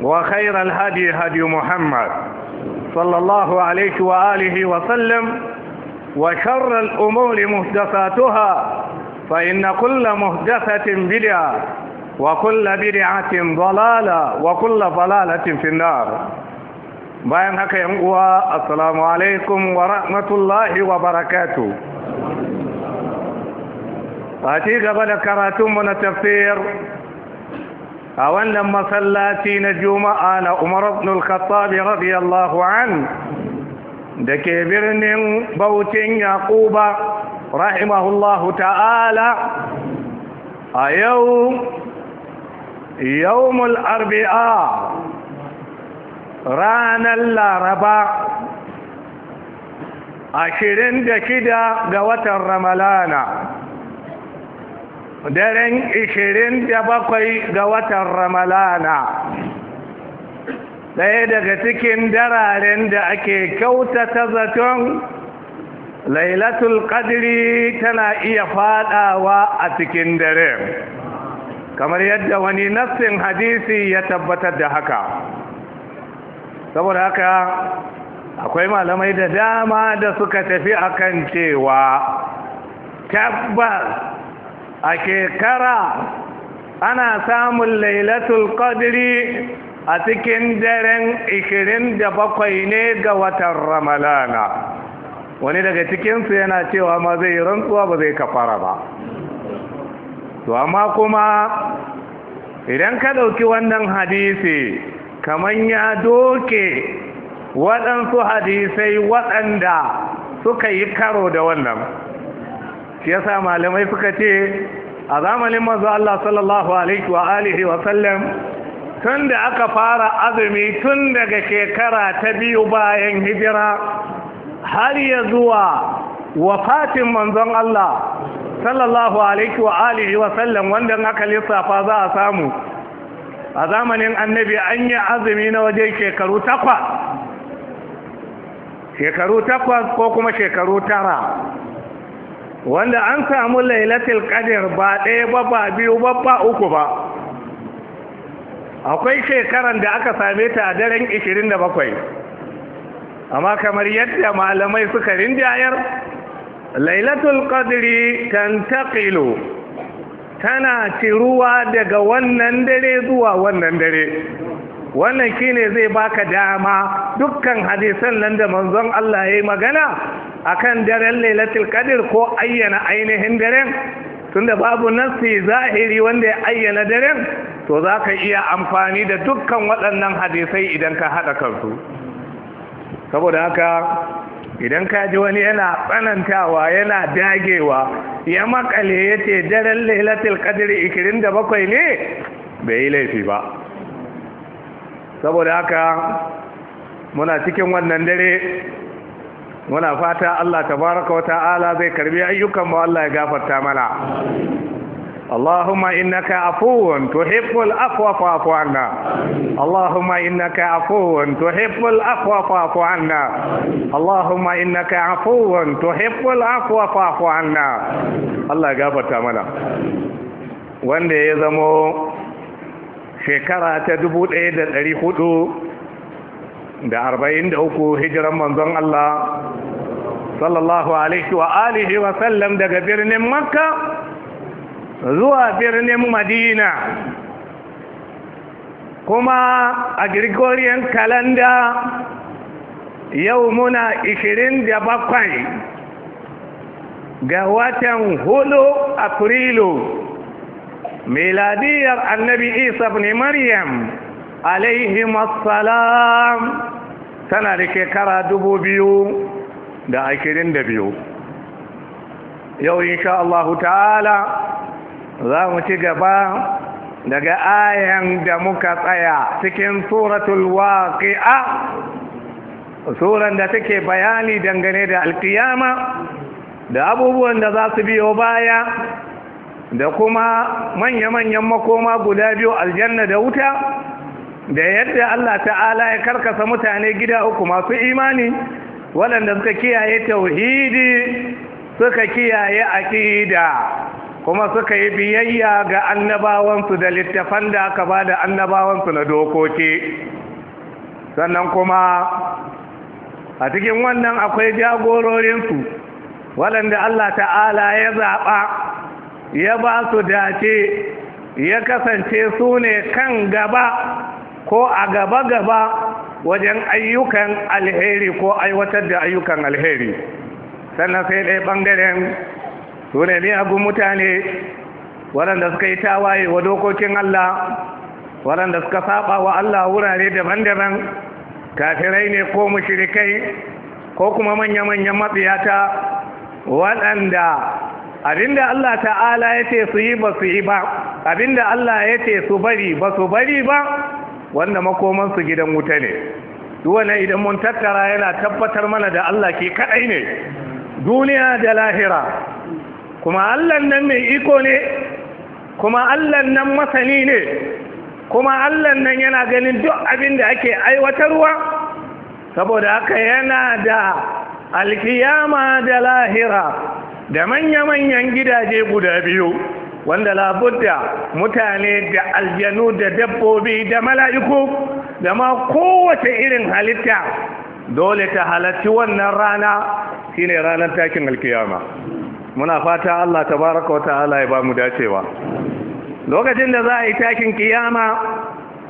وخير الهدي هدي محمد صلى الله عليه وآله وسلم وشر الأمور مهدفاتها فإن كل مهدفة بدعة وكل بدعة ضلالة وكل ضلالة في النار بيان هكا yan السلام عليكم ورحمة الله وبركاته wa barakatu من التفسير a wannan masallaci na juma'a na umar ibn al radiyallahu an da ke birnin bautin yaquba rahimahullahu ta'ala a yau yawmul Arbi'a, ranar laraba ashirin da shida ga watan ramalana daren ishirin da bakwai ga watan ramalana ɗaya daga cikin dararen da ake kyautata zaton lailatul qadri tana iya faɗawa a cikin dare kamar yadda wani nassin hadisi ya tabbatar da haka saboda haka akwai malamai da dama da suka tafi akan cewa tabbas a shekara ana samun lailatul qadri a cikin daren 27 ne ga watan ramalana wani daga cikinsu yana cewa ma zai rantsuwa ba zai kafara ba to amma kuma idan ka ɗauki wannan hadisi kamar ya doke waɗansu hadisai waɗanda suka yi karo da wannan shi yasa malamai suka ce a zamanin manzo Allah sallallahu alaihi wa alihi wa sallam tun da aka fara azumi tun daga shekara ta biyu bayan hijira har ya zuwa wafatin manzon Allah sallallahu alaihi wa alihi wa sallam wanda aka lissafa za a samu a zamanin annabi an yi azumi na waje shekaru takwas shekaru takwas ko kuma shekaru tara wanda an samu lailatul qadr ba ɗaya ba ba biyu ba ba uku ba akwai shekaran da aka same ta a daren 27 amma kamar yadda malamai suka rinjayar lailatul qadri tantaqilu tana tiruwa daga wannan dare zuwa wannan dare wannan shine zai baka dama dukkan hadisan nan da manzon Allah ya yi magana akan daren lailatul qadr ko ayyana ainihin daren tunda babu nassi zahiri wanda ya ayyana daren to zaka iya amfani da dukkan waɗannan hadisai idan ka haɗa kansu saboda haka idan ka ji wani yana tsanantawa yana dagewa ya makale yace ce daren lailatul qadr 27 ne bai yi laifi ba saboda haka muna cikin wannan dare muna fata Allah tabaraka wata'ala zai karbi ayyukan mu Allah ya gafarta mana اللهم إنك عفو تحب الأفوى فاعف عنا اللهم إنك عفو تحب الأفوى فاعف عنا اللهم إنك عفو تحب العفو فاعف عنا الله يغفر تمنا wanda ya zamo shekara ta dubu ɗaya da ɗari hudu da arba'in da uku hijiran manzon Allah sallallahu alaihi wa alihi wa sallam daga birnin makka zuwa birnin madina kuma a gregorian calendar yau muna bakwai ga watan hulu afrilu miladiyar annabi isa ne maryam alaihim tana da shekara dubu biyu da ashirin da biyu yau insha ta'ala za mu ci gaba daga ayan da muka tsaya cikin suratul waƙia suran da take bayani dangane da alkiyama da abubuwan da za su biyo baya da kuma manya-manyan makoma guda biyu aljanna da wuta da yadda Allah ta'ala ya karkasa mutane gida uku masu imani waɗanda suka kiyaye tauhidi suka kiyaye aƙida kuma suka yi biyayya ga annabawansu da littafan da aka ba da annabawansu na dokoki sannan kuma a cikin wannan akwai jagororinsu waɗanda Allah ta'ala ya zaɓa ya ba su dace ya kasance su ne kan gaba ko a gaba-gaba wajen ayyukan alheri ko aiwatar da ayyukan alheri sannan sai ɗaya ɓangaren su ne miyagun mutane waɗanda suka yi tawaye wa dokokin Allah waɗanda suka saba wa Allah wurare daban-daban kafirai ne ko mushirikai ko kuma manya-manyan matsiyata waɗanda abinda Allah ta'ala ya ce su yi ba su yi ba abinda Allah ya ce su bari ba su bari ba wanda makoman su gidan wuta ne duwane idan mun tattara yana tabbatar mana da Allah ke kadai ne duniya da lahira kuma Allah nan mai iko ne kuma Allah nan masani ne kuma Allah nan yana ganin duk abin da ake aiwatarwa saboda haka yana da alkiyama da lahira da manya-manyan gidaje guda biyu wanda labudda mutane da aljanu da dabbobi da mala'iku da ma kowace irin halitta dole ta halarci wannan rana shine ranar takin alkiyama muna fata Allah tabaraka wata'ala ya ba mu dacewa lokacin da za a yi takin kiyama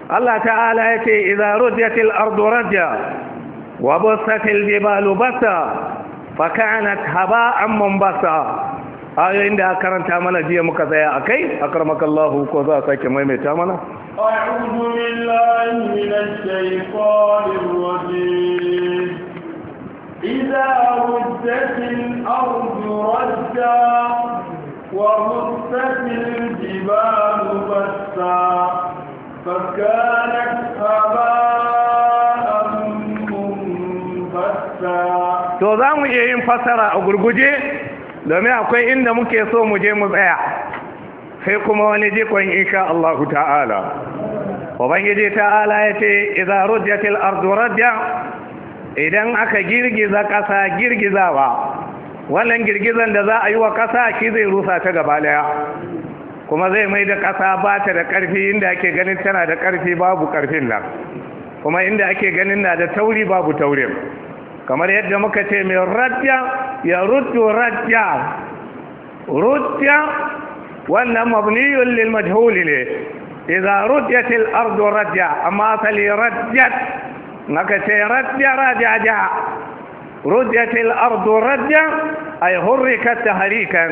Allah ta'ala ya ce idza rujjatil ardu rajja wa busatil jibalu basa fakanat haba an mambasa ayoyin da karanta mana jiya muka tsaya a kai a karmakallahu ko za a sake maimaita mana أعوذ بالله من الشيطان الرجيم إذا رجت الأرض رجا ومست الجبال بسا فكانت هباء منبسا to za mu iya yin fasara a gurguje domin akwai inda muke so mu je mu tsaya sai kuma wani jikon insha Allah ta'ala ubangiji ta'ala ya ce rujjatil ardu idan aka girgiza ƙasa girgizawa wannan girgizan da za a yi wa ƙasa shi zai rusa ta gaba daya kuma zai mai da ƙasa ba ta da ƙarfi inda ake ganin tana da karfi babu ƙarfin nan kuma inda ake ganin na da tauri babu taurin kamar yadda muka ce mai radda ya ruddu radda rudda wannan mabniyun lil majhul ne idza ruddat al ard radda amma asali raddat naka ce radda ja ruddat al ard radda ay hurrikat tahrikan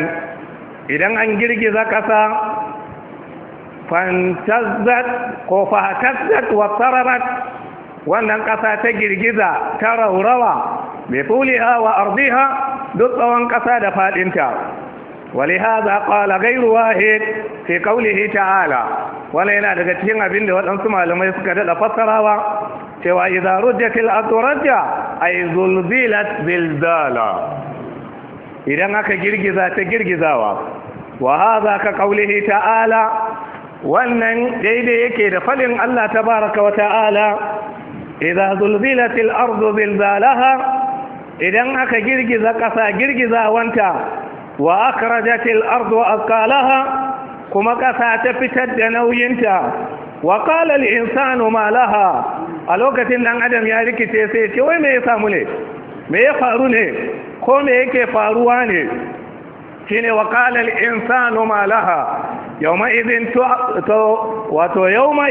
idan an girgiza kasa fantazzat ko fahatazzat wa tararat wannan ƙasa ta girgiza ta raurawa mai tuliha wa ardiha duk tsawon ƙasa da faɗinta ولهذا قال غير واحد في قوله تعالى ولا yana daga cikin abin da waɗansu malamai suka daɗa fassarawa cewa idza rujjatil ardu rajja ay zulzilat zilzala idan aka girgiza ta girgizawa wa ka kaulihi ta'ala wannan daidai yake da fadin Allah ta wa ta'ala idza zulzilatil ardu zilzalaha idan aka girgiza ƙasa girgizawanta wa akhrajatil ardu athqalaha kuma ƙasa ta fitar da nauyinta wa qala al insanu ma laha a lokacin ɗan adam ya rikice sai ce wai me samu ne me ya faru ne ko me yake faruwa ne shine wa qala al insanu ma laha yawma idhin to wato yawma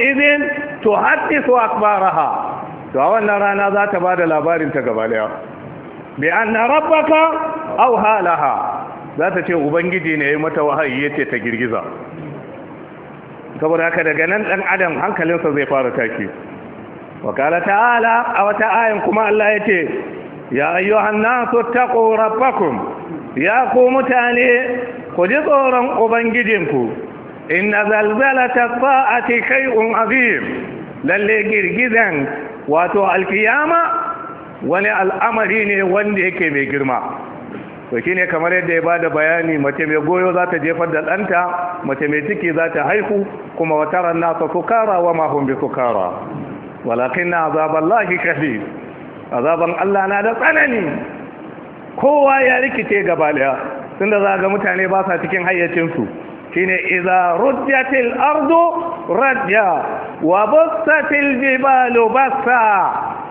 akbaraha to a wannan rana za ta ba da labarinta gaba daya bi an na rabbaka au halaha za ta ce ubangiji ne ya yi mata wahayi ya ce ta girgiza saboda haka daga nan ɗan adam hankalinsa zai fara tashi. wakala ta'ala a wata ayin kuma Allah ya ce ya ayyuhan nasu taqu rabbakum ya ku mutane ku ji tsoron ubangijinku inna zalzalata sa'ati shay'un azim lalle girgizan wato alkiyama wani al'amari ne wanda yake mai girma to shine kamar yadda ya bada bayani mace mai goyo za ta jefar da ɗanta mace mai ciki za ta haihu kuma wataran nasa kukara wa mahun bi kukara walakin na azaballahi kafi azaban Allah na da tsanani kowa ya rikice gaba daya tunda za ga mutane ba sa cikin hayyacinsu shine iza rujjatil ardu rajja wa bassatil jibalu bassa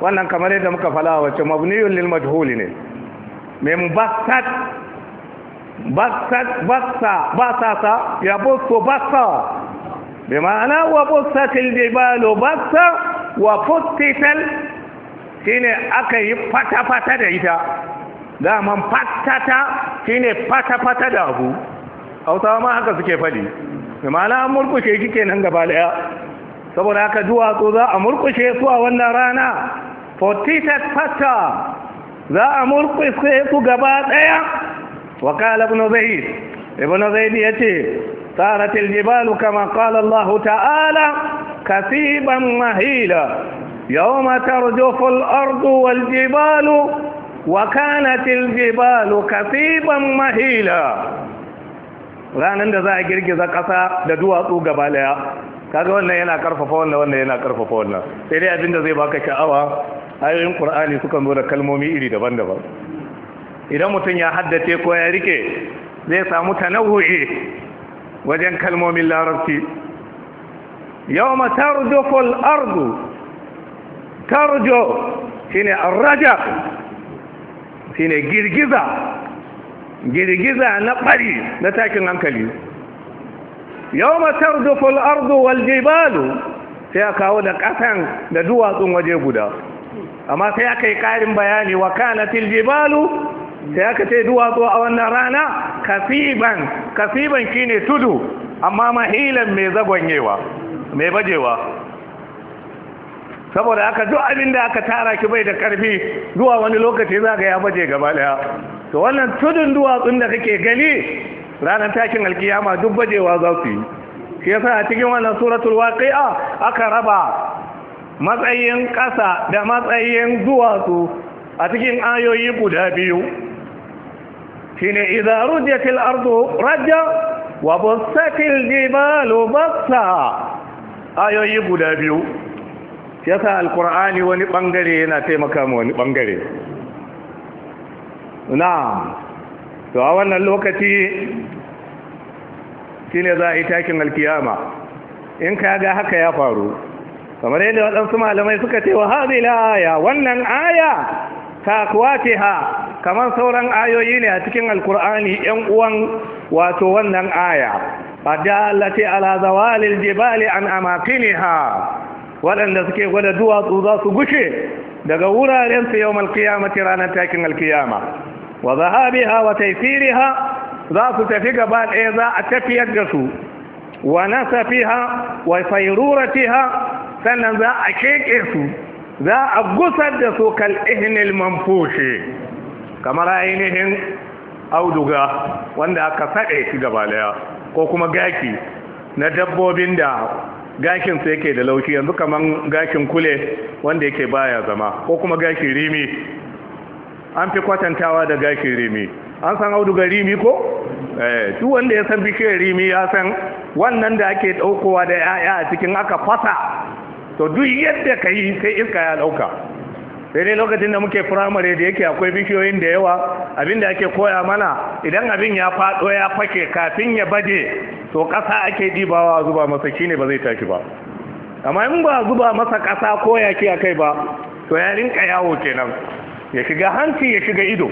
wannan kamar yadda muka fala wace mabniyun lil majhuli ne mem bassat bassat bassa basasa ya bussu bassa bi ma'ana wa bussatil jibalu bassa wa futtital shine aka yi fata fata da ita da daman fatata shine fata fata da abu hausawa ma haka suke faɗi. da mana an murkushe shi ke nan saboda aka duwatsu za a murkushe su a wannan rana 48 fata za a murkushe su gabaɗaya. daya wakala ibn zahid ibn zahid ya ce saratil jibalu kama kala allahu ta'ala kasiban mahila yau matar jufar ardu wal jibalu wakanatil jibalu kasiban mahila ranar da za a girgiza ƙasa da duwatsu gaba daya kaga wannan yana karfafa wannan wannan yana karfafa wannan sai dai abinda zai baka sha'awa ayoyin qur'ani suka zo da kalmomi iri daban-daban idan mutum ya haddace ko ya rike zai samu tanawu'i wajen kalmomin larabci yawma tarjufu al-ardu tarjo shine arraja shine girgiza girgiza na bari na takin hankali yau matar dufal ardu wal jibalu sai a kawo da ƙasan da duwatsun waje guda amma sai aka yi ƙarin bayani wa kanatil jibalu sai aka ce duwatsu a wannan rana kasiban kasiban shine tudu amma mahilan mai zagonyewa mai bajewa saboda aka duk abin da aka tara ki bai da karfi zuwa wani lokaci za ga ya baje gaba daya to wannan tudun duwatsun da kake gani ranar takin alkiyama duk bajewa za su yi shi yasa a cikin wannan suratul waqi'a aka raba matsayin ƙasa da matsayin duwatsu a cikin ayoyi guda biyu shine idza rujjatil ardu rajja wa bussatil jibalu bassa ayoyi guda biyu yasa alkur'ani wani bangare yana taimaka ma wani bangare na'am to a wannan lokaci shine za a yi takin alkiyama in ka ga haka ya faru kamar yadda waɗansu malamai suka ce wa hazila aya wannan aya ta ha. kamar sauran ayoyi ne a cikin alkur'ani yan uwan wato wannan aya fadallati ala zawalil jibali an ha. waɗanda suke gwada duwatsu za su gushe daga wurarensu yau malkiyamati ranar takin alkiyama wa zahabiha wa taifiriha za su tafi gaba ɗaya za a tafiyar da su wa nasafiha wa fairuratiha sannan za a keke su za a gusar da su kal ihnil manfushe kamar ainihin auduga wanda aka saɗe shi gaba ɗaya ko kuma gaki na dabbobin da gashin sa yake da laushi yanzu kaman gashin kule wanda yake baya zama ko kuma gakin rimi an fi kwatantawa da gashin rimi an san auduga rimi ko eh wanda ya san bishiyar rimi ya san wannan da ake daukowa da yaya a cikin aka fasa to duk yadda kai sai iska ya dauka sai dai lokacin da muke firamare da yake akwai bishiyoyin da yawa abinda ake koya mana idan abin ya fado ya fake kafin ya baje to ƙasa ake ɗibawa zuba masa shine ba zai tashi ba amma in ba zuba masa kasa ko ya a kai ba to ya rinka yawo kenan ya shiga hanci ya shiga ido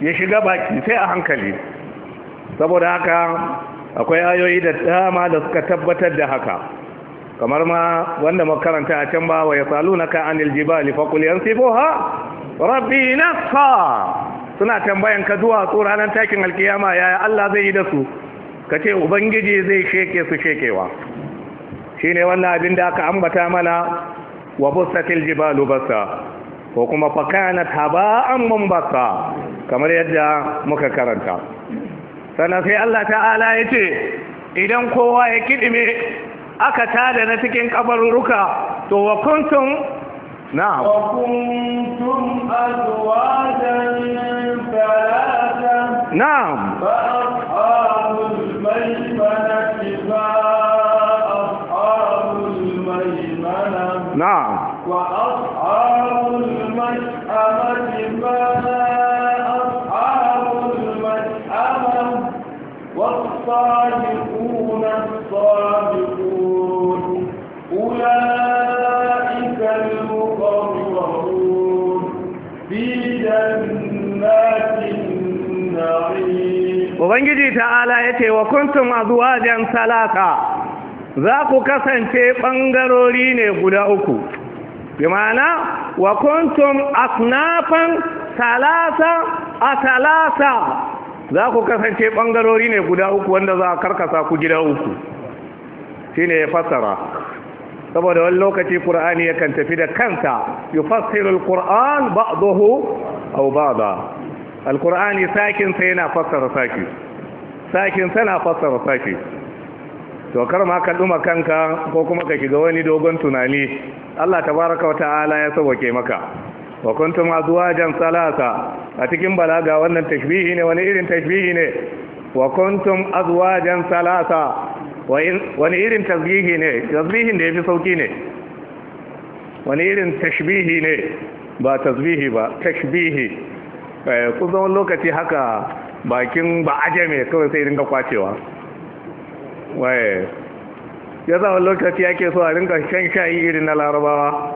ya shiga baki sai a hankali saboda haka akwai ayoyi da dama da suka tabbatar da haka kamar ma wanda makaranta a can ba wa yasalunaka anil jibali faqul yansifuha rabbi nasfa suna tambayan ka zuwa ranar takin alkiyama yaya Allah zai yi da su kace ubangiji zai sheke su shekewa shine wannan abin da aka ambata mana wa busatil jibalu basa ko kuma fakanat haba'an munbasa kamar yadda muka karanta sannan sai Allah ta'ala yace idan kowa ya kidime aka tada na cikin ruka to wa kuntum na'am wa kuntum azwajan thalatha na'am fa ashabul maimanati fa ashabul maimana na'am wa ashabul maimanati fa ubangiji ta'ala ya ce wa kuntum azwajan salaka za ku kasance ɓangarori ne guda uku bi ma'ana wa kuntum asnafan salasa a salasa za ku kasance ɓangarori ne guda uku wanda za a karkasa ku gida uku shi ne ya fassara saboda wani lokaci ƙur'ani yakan tafi da kanta yi fassirul ƙur'an ba'dahu au ba'da al-ƙur'ani sakinsa yana fassara sakin sakin sana fassara sake to kar ma ka duma kanka ko kuma ka shiga wani dogon tunani Allah tabaraka ta'ala ya sauke maka wa kuntum azwajan salasa a cikin balaga wannan tashbihi ne wani irin tashbihi ne wa kuntum azwajan salasa wani irin tasbihi ne tasbihin da yafi sauki ne wani irin tashbihi ne ba tasbihi ba tashbihi eh, kusan lokaci haka bakin ba aje mai kawai sai ringa kwacewa waye ya zama lokaci yake so a ringa shan shayi irin na larabawa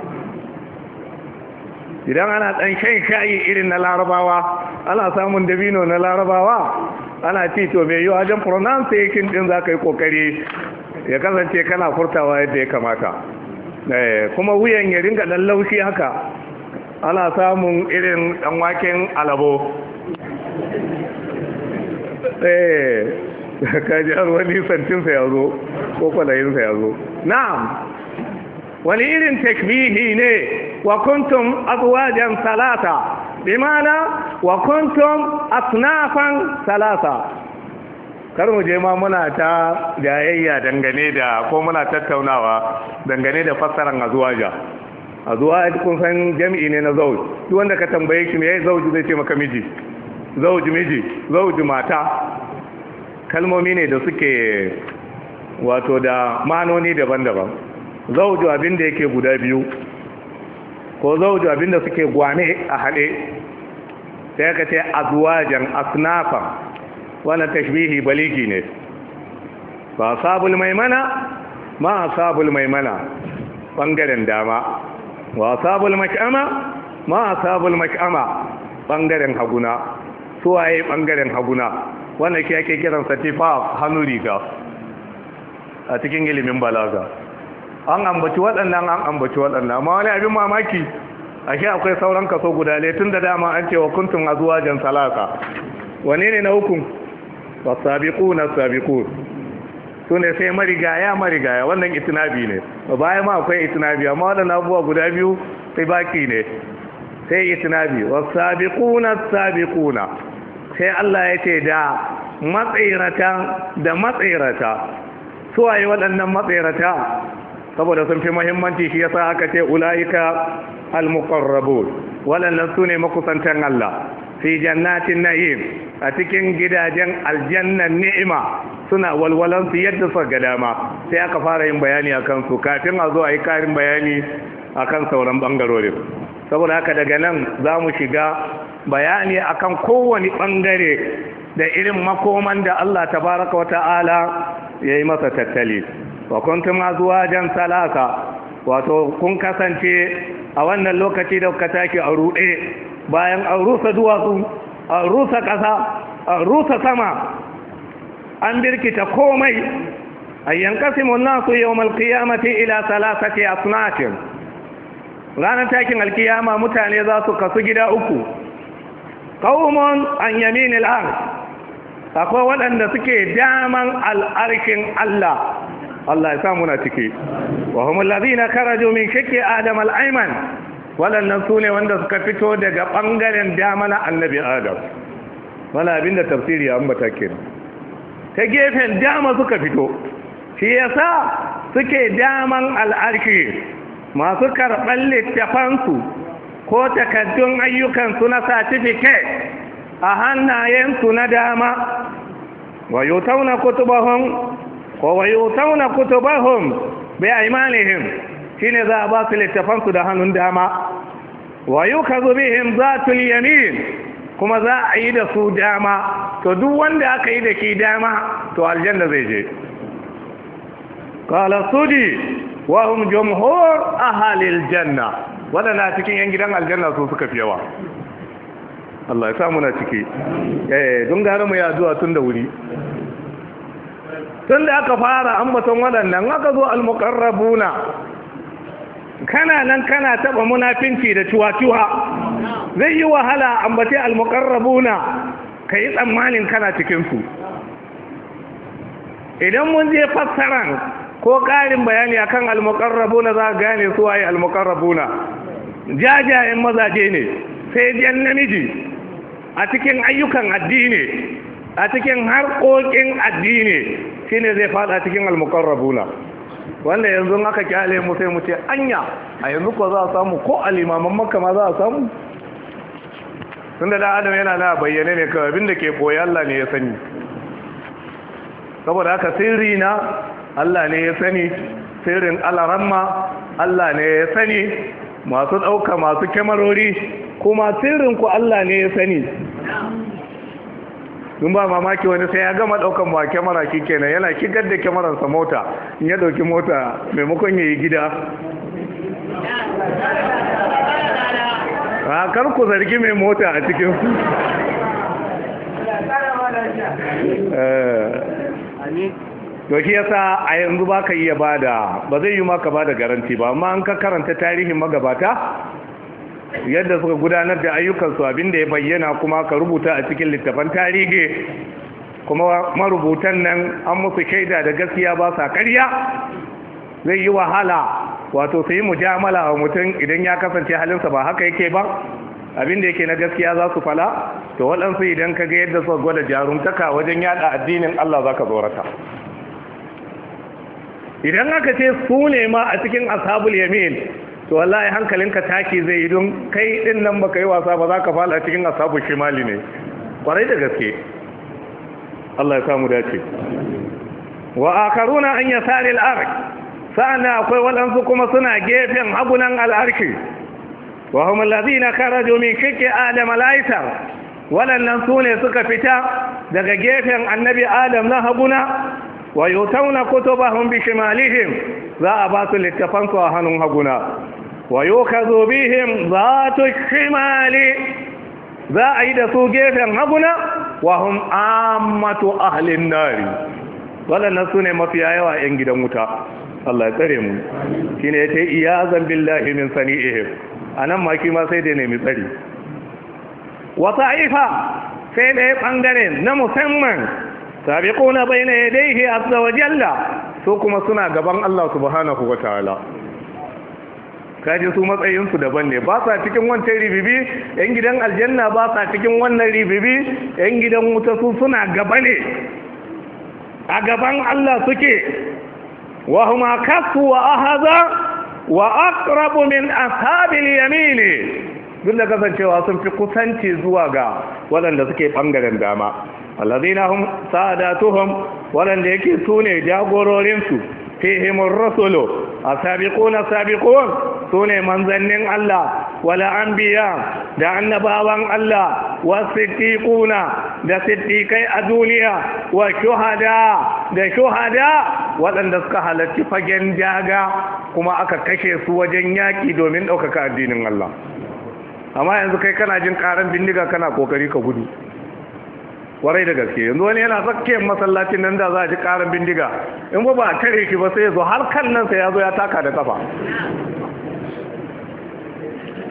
idan ana dan shan shayi irin na larabawa ana samun dabino na larabawa ana ci to mai yi wajen pronunciation din za ka yi kokari ya kasance kana furtawa yadda ya kamata eh, kuma wuyan ya ringa ɗan laushi haka ana samun irin ɗan waken alabo eh kaji an wani santinsa ya zo ko kwalayinsa ya zo na'am wani irin takbihi ne wa kuntum azwajan salata bimana wa kuntum asnafan salasa kar mu je ma muna ta jayayya dangane da ko muna tattaunawa dangane da fassaran azwaja azwaj kun san jami'i ne na zauji duk wanda ka tambaye shi me yayi zauji zai ce maka miji zauji miji zauji mata kalmomi ne da suke wato da manoni daban-daban abin abinda yake guda biyu ko abin abinda suke gwane a haɗe sai ka ce azwajan asnafan wannan tashbihi baligi ne ba sabul mana, ma sabul mana, ɓangaren dama wa sabul mak'ama ma sabul mak'ama bangaren haguna suwaye bangaren haguna wannan ke ake kiran satifa hannu riga a cikin ilimin balaga an ambaci waɗannan an ambaci waɗannan amma wani abin mamaki ashe akwai sauran kaso guda ne tun da dama an ce wa kuntum azwajan salasa wane ne na hukun wasabiquna sabiqun sune sai marigaya marigaya wannan itinabi ne bayan ma akwai itinabi amma wadannan abubuwa guda biyu sai baki ne sai itinabi wasabiquna sabiquna sai Allah ya ce da matsirata da matsirata waye waɗannan matsirata saboda sun fi muhimmanci shi yasa aka ce ulaika al-muqarrabun waɗannan su makusantan Allah fi jannatin na'im a cikin gidajen aljannan ni'ima suna walwalan su yadda suka ga dama sai aka fara yin bayani akan su kafin a zo a yi karin bayani akan sauran bangarorin saboda haka daga nan za mu shiga bayani akan kowane bangare da irin makoman da Allah tabaraka wa ta'ala ya yi masa tattali wa kuntum azwajan salasa wato kun kasance a wannan lokaci da kuka take a rude bayan a rusa duwatsu a rusa kasa, a rusa sama an birkita komai ayyan kasimun nasu yawmal qiyamati ila salasati asnatin ranar takin alkiyama mutane za su kasu gida uku qaumun an yaminil arsh akwai waɗanda suke daman al'arkin Allah Allah ya sa muna ciki wa humul ladina kharaju min shakki adam al-ayman waɗannan su ne wanda suka fito daga ɓangaren damana annabi adam wani abin da tafsiri ya ambata kenan ta gefen dama suka fito shi yasa suke daman al'arki masu karɓar littafansu ko takaddun ayyukansu na certificate a hannayensu na dama wa yutauna kutubahum ko wa yutauna kutubahum bi Shi ne za a ba su littafansu da hannun dama wa yukazu bihim zatul yamin kuma za a yi da su dama to duk wanda aka yi da ke dama to aljanna zai je qala sudi wahum hum a ahli aljanna waɗanda cikin 'yan gidan aljanna su suka fi yawa Allah ya samu na ciki yaya eh, don gane mu ya zuwa tun da wuri tun da aka fara ambaton waɗannan aka zo almuqarrabuna kana nan kana taba munafinci da cuwa-cuwa zai yi wahala ambace ka yi tsammanin kana cikinsu idan mun je fassaran ko ƙarin bayani akan almuqarrabuna za gane su waye almuqarrabuna jajayen mazaje ne sai jan namiji a cikin ayyukan addini a cikin harkokin addini shi ne zai fada cikin almuqarrabuna wanda yanzu aka kyale mu sai mu ce anya a yanzu ko za a samu ko alimaman makka ma za a samu sun da adam yana na bayyane ne kawai abinda ke koyi Allah ne ya sani saboda haka sirri na Allah ne ya sani sirrin alaramma Allah ne ya sani masu ɗauka masu kyamarori kuma ku Allah ne ya sani in ba mamaki wani sai ya gama ɗaukan ba kyamara kenan yana kigar da kyamararsa mota in ya ɗauki mota maimakon ya yi gida a ah, kar ku zargi mai mota a cikin su to shi yasa a yanzu ba ka iya bada ba zai yi maka bada garanti ba amma an ka karanta tarihin magabata yadda suka gudanar da ayyukansu abinda ya bayyana kuma ka rubuta a cikin littafan tarihi kuma marubutan nan an musu shaida da gaskiya ba sa karya zai yi wahala wato su yi mujamala wa mutum idan ya kasance halinsa ba haka yake ba abin da yake na gaskiya za su fala to waɗansu idan ka ga yadda suka gwada jarumtaka wajen yada addinin Allah za ka tsorata idan aka ce su ne ma a cikin ashabul yamin to wallahi hankalinka taki zai yi don kai din nan baka yi wasa ba za ka a cikin ashabul shimali ne kwarai da gaske Allah ya samu dace wa akaruna an yasari al sa'ana akwai waɗansu kuma suna gefen hagunan al'arki wa hum na kharaju min shiki adam al Wala waɗannan su ne suka fita daga gefen annabi adam na haguna wa ba kutubahum bi shimalihim za a ba su littafan su a hannun haguna wa yukazu bihim zatu shimali za a yi da su gefen haguna wa hum ammatu ahlin nari waɗannan su ne mafiya yawa 'yan gidan wuta Allah ya tsare mu shine yace iyazan billahi min sani'ihim anan maki ma sai dai nemi tsari wa ta'ifa sai ɗaya bangare na musamman sabiquna bayna yadayhi azza wa jalla so kuma suna gaban Allah subhanahu wa ta'ala kaji su matsayinsu daban ne ba sa cikin wancan ribibi yan gidan aljanna ba sa cikin wannan ribibi yan gidan wuta su suna gaba ne a gaban Allah suke wa huma kasu wa ahaza wa aqrabu min ashabil yamin duk da kasancewa sun fi kusanci zuwa ga waɗanda suke bangaren dama allazina hum sa'adatuhum waɗanda yake sune jagororinsu fihim ar-rasulu asabiquna sabiqun sune manzannin Allah wala anbiya da annabawan Allah wasiddiquna da siddiqai a duniya wa shuhada da shuhada waɗanda suka halarci fagen daga kuma aka kashe su wajen yaƙi domin ɗaukaka addinin Allah amma yanzu kai kana jin ƙaran bindiga kana ƙoƙari ka gudu kwarai da gaske yanzu wani yana tsakke masallacin nan da za a ji karin bindiga in ba a shi ba sai ya zo har kan nan sai ya zo ya taka da kafa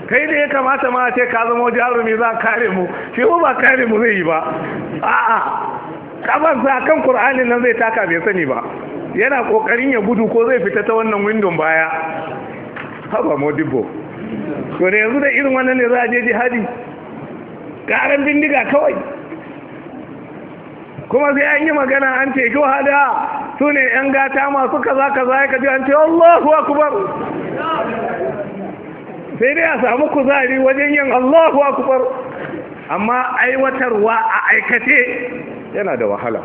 kai da ya kamata ma a ce ka zama jarumi za kare mu shi ba ba kare mu zai yi ba a'a kafan sa kan qur'anin nan zai taka bai sani ba yana kokarin ya gudu ko zai fita ta wannan windon baya haba modibbo to yanzu da irin wannan ne za a je jihadi karan bindiga kawai kuma sai an yi magana an ce wahada su ne yan gata masu kaza kaza ya kaji an ce Allahu akbar sai dai a samu kuzari wajen yin Allahu akbar amma aiwatarwa a aikace yana da wahala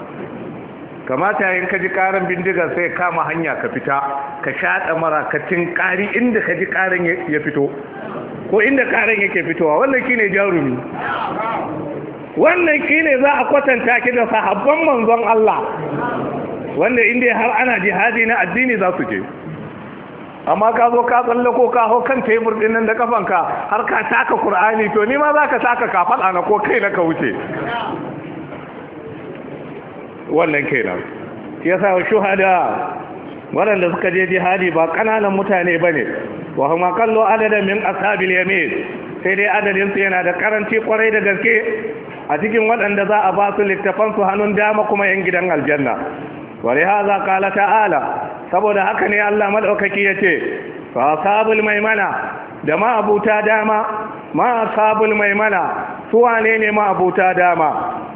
kamata yin kaji karin bindigar sai kama hanya ka fita ka shaɗa marakacin ka inda kaji karin ya fito ko inda karin yake fitowa wannan shine jarumi wannan shine za a kwatanta ki da sahabban manzon Allah wanda inda har ana jihadi na addini za su je amma ka zo ka tsalle ko ka hau kan tebur din nan da kafanka har ka taka qur'ani to ni ma za ka taka kafal na ko kai na ka wuce wannan kenan yasa shuhada waɗanda suka je jihadi ba ƙananan mutane ba ne wa kuma kallo adadin min ashabil yamin sai dai adadin su yana da karanci kwarai da gaske a cikin waɗanda za a ba su littafan su hannun dama kuma yan gidan aljanna wani haza kala ta'ala saboda haka ne Allah maɗaukaki ya ce fa sabul maimana da ma abuta dama ma sabul maimana su wane ne ma abuta dama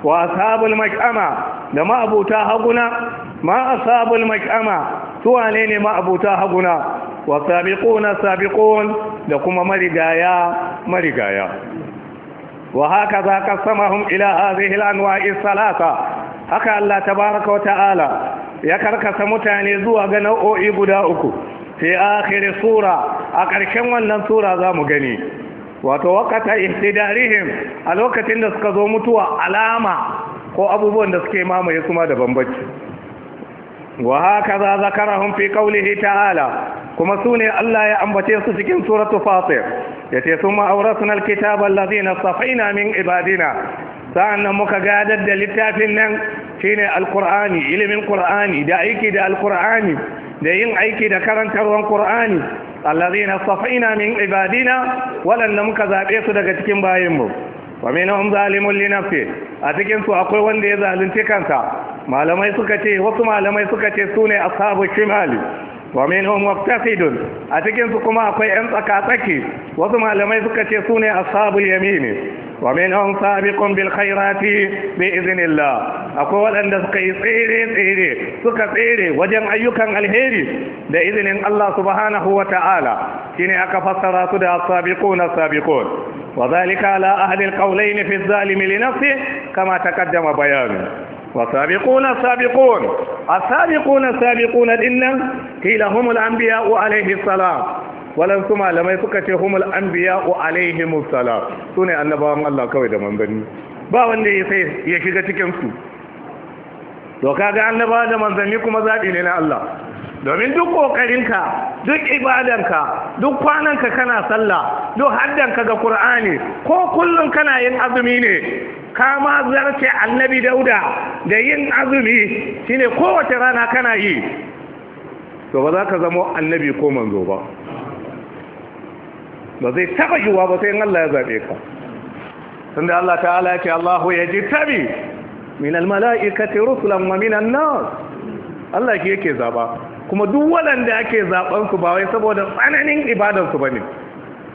wa ashabul mak'ama da ma abuta haguna ma ashabul mak'ama su wane ne ma abuta haguna wa sabiquna sabiqun da kuma marigaya marigaya ila a zai هذه الأنواع الثلاثة haka Allah tabaraka wa ta'ala ya karkasa mutane zuwa ga nau'o'i guda uku fi akhir sura a ƙarshen wannan sura za mu gani wato waqata ihtidarihim a lokacin da suka zo mutuwa alama ko abubuwan da suke mamaye kuma da bambanci wa hakaza zakarahum fi qawlihi ta'ala kuma su ne Allah ya ambace su cikin suratu fatir ya ce sun ma'auratun alkitab allazina safaina min ibadina sa'annan muka gadar da littafin nan shine alqur'ani ilimin qur'ani da aiki da alqur'ani da yin aiki da karantarwan qur'ani allazina safaina min ibadina waɗanda muka zaɓe su daga cikin bayinmu wa minhum zalimun li nafsi a cikin su akwai wanda ya zalunci kansa malamai suka ce wasu malamai suka ce sune ashabu shimali wa minhum muqtasidun a cikinsu su kuma akwai yan tsaka-tsaki wasu malamai suka ce sune ashabul yamini wa minhum sabiqun bil khairati bi idhnillah akwai waɗanda suka yi tsere tsere suka tsere wajen ayyukan alheri da izinin Allah subhanahu wa ta'ala shine aka fassara su da sabiquna sabiqun wa zalika ala ahli al-qawlayn fi adh-dhalimi li nafsihi kama taqaddama bayanu وسابقون السابقون السابقون السابقون humul قيل هم الأنبياء عليه walan su malamai suka ce humul an biya wa alaihi su ne annabawan Allah kawai da manzanni ba wanda ya sai ya shiga cikinsu to kaga annabawa da manzanni kuma zaɓi ne na Allah domin duk ƙoƙarinka duk ibadanka duk kwananka kana sallah duk haddanka ga ƙur'ani ko kullum kana yin azumi ne ka ma zarce annabi dauda da yin azumi shine kowace rana kana yi to ba za ka zama annabi ko manzo ba ba zai taɓa yiwuwa ba sai Allah ya zaɓe ka Sanda Allah ta'ala ya ce Allahu ya ji tabi min al-mala'ikati rusulan wa min an-nas Allah ke yake zaba kuma duk waɗanda ake zaɓen su ba wai saboda tsananin ibadar su bane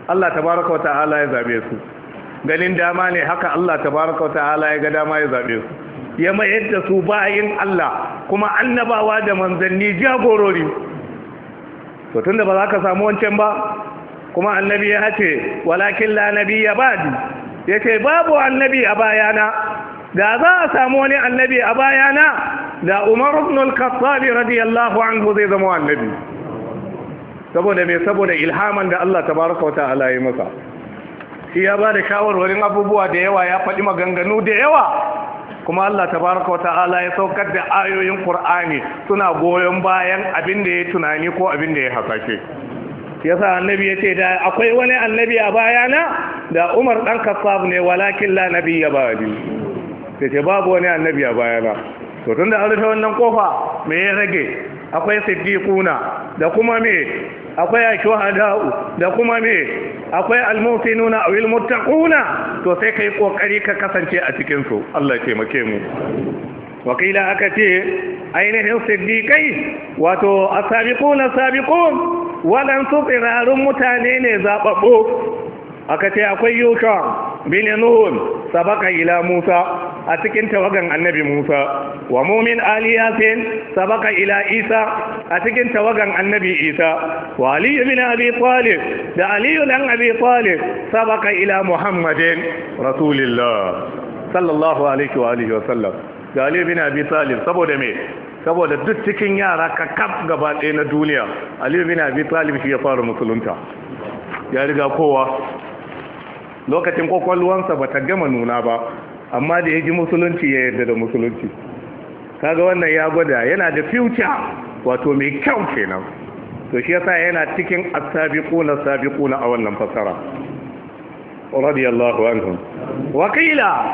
Allah tabaraka ta'ala ya zabe su ganin dama ne haka Allah tabaraka ta'ala ya ga dama ya zabe su ya mayar da su bayin Allah kuma annabawa da manzanni jagorori to tunda ba za ka samu wancan ba kuma annabi ya ce walakin la nabiyya ba'di yace babu annabi a bayana da za a samu wani annabi a bayana da umar ibn al radiyallahu anhu zai zama annabi saboda me saboda ilhaman da Allah tabaraka wata'ala ya masa shi ya ba da shawarwarin abubuwa da yawa ya faɗi maganganu da yawa kuma Allah tabaraka wata'ala ya saukar da ayoyin Qur'ani suna goyon bayan abin da ya tunani ko abin da ya hasashe yasa annabi ce da akwai wani annabi a bayana da Umar dan Khattab ne walakin la nabiyya ba'di sai ce babu wani annabi a bayana to tun da an rufe wannan kofa me ya rage akwai siddiquna da kuma me akwai ashuhada'u da kuma me akwai almusinuna aw almuttaquna to sai kai kokari ka kasance a cikin su Allah ya taimake mu wakila aka ce ainihin siddiqai wato asabiquna sabiqun waɗansu tsirarun mutane ne zaɓaɓɓo aka ce akwai yusha bin nun sabaka ila Musa a cikin tawagan annabi Musa wa mumin ali yasin sabaka ila Isa a cikin tawagan annabi Isa wa Aliyu ibn abi talib da Aliyu dan abi talib sabaka ila Muhammadin rasulillah sallallahu alaihi wa alihi wa sallam da Aliyu ibn abi talib saboda me saboda duk cikin yara ka kaf gaba ɗaya na duniya Aliyu ibn abi talib shi ya fara musulunta ya riga kowa lokacin kwakwalwansa ba ta gama nuna ba amma da ya ji musulunci ya yarda da musulunci kaga wannan ya gwada yana da future wato mai kyau kenan to shi yasa yana cikin as-sabiquna sabiquna a wannan fasara radiyallahu anhum wakila